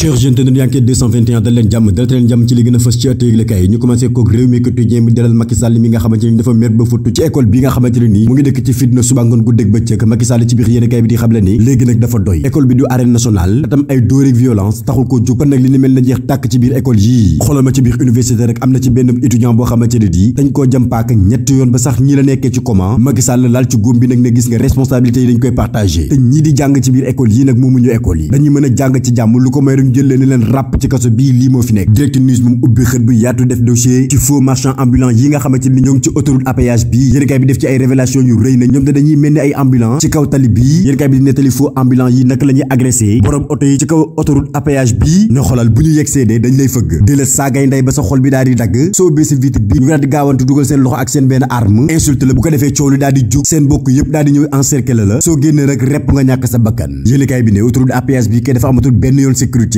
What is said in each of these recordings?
cher jentenu Enquête 221 dal jàmm dal jàmm ci li gën a fës ci ëtt yëglekaay yi ñu commencé kook réew mi quotidien bi dalal Macky Sall mi nga xamante ni dafa mer ba futtu ci école bi nga xamante nii mu ngi dëkk ci fitna suba ngoon guddeeg bëccëg Macky Sall ci biir yéenekaay bi di xamle ni léegi nag dafa doy école bi du arène nationale tam ko jóg nag li ni mel na jeex tàkk ci biir école yii xoolal ma ci biir université rek am na ci benn étudiant ngeen jël leen leen ràpp ci kaso bii lii moo fi nekk direct ci faux marchand ambulant yi nga xamante ni ñoo ci autoroute à péage bii bi def ci ay révélation yu rëy na ñoom te dañuy mel ni ay ambulant ci kaw tali bii yéen bi di nettali faux ambulant yi naka la agressé borom oto yi ci kaw autoroute à péage bii ne xoolal bu ñu yegsee de dañ lay fëgg di la saagay ndey ba sa xol bi daal di dagg soo bee vitre bi ñu daal di dugal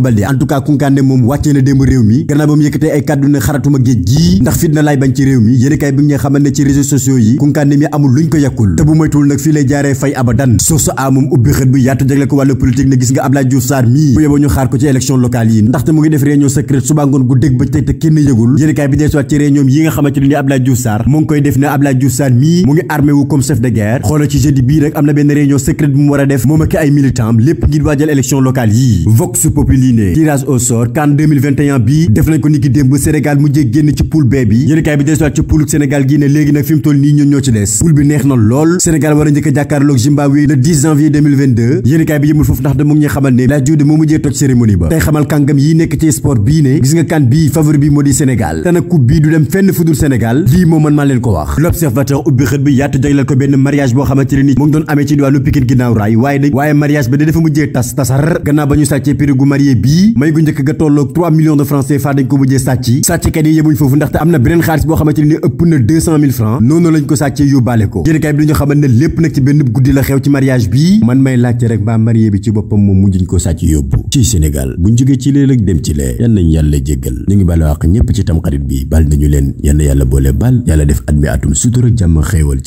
a Baldé en tout cas Kounkandé moom wàccee na démb réew mi gannaaw ba mu yëkkatee ay kàddu ne xaratuma géej gii ndax fitna laay bañ ci réew mi yéen kaay bi nga xamal ne ci réseaux sociaux yi Kounkandé mi amul luñ ko yekkul te bu moytuwul nag fii lay jaaree fay abadan source a moom ubbi xët bi yaatu jagle ko wàllu politique ne gis nga Abdoulaye Diouf Sarr mii bu yeboo ñu xaar ko ci élection locale yi ndaxte mu ngi def réunion secrète suba ngoon gu dégg ba tey te kenn yëgul yéen kaay bi dee soit ci réunion yi nga xamante ni Abdoulaye Diouf Sarr mu ngi koy def ne Abdoulaye Diouf Sarr mii mu ngi armé wu comme chef de guerre xoola ci jeudi bii rek am na benn réunion secrète bu mu war a def moom ak ay militant lépp ngir waajal élection locale yi vox populi diine tirage au sort bii def nañ ko niki démb Sénégal mujjee génn ci poule B bi yéenekaay bi desuwaat ci poule Sénégal gi ne léegi nag fi toll nii ñun ci des poule bi neex na lool Sénégal war a njëkk a Zimbabwe le janvier 2022 yéenekaay bi yëmul foofu ndax da mu ngi xamal ne laaj juude moo mujjee toj cérémonie ba tey xamal kàngam yi nekk ci sport bii ne gis nga CAN bii favori bi moo di Sénégal te nag bii du dem fenn fudul Sénégal février bii may gu njëkk ga tolloog 3 millions de francs CFA dañ ko mujjee sàcc sàcckat yi yemuñ foofu ndaxte am na beneen xaalis boo xamante ne ëpp na 200 000 francs noonu lañ ko sàccee yóbbaale ko jërëkaay bi dañu xamal ne lépp nag ci benn guddi la xew ci mariage bii man may laajte rek mbaa marié bi ci boppam moom mujjuñ ko sàcc yóbbu ci Sénégal buñ jógee ci léeg ak dem ci lee yan nañ yàlla jéggal ñu ngi bàlu àq ñépp ci tamxarit bi bal leen yann yàlla boole bal yàlla def at mi atum sutura jàmm xéewal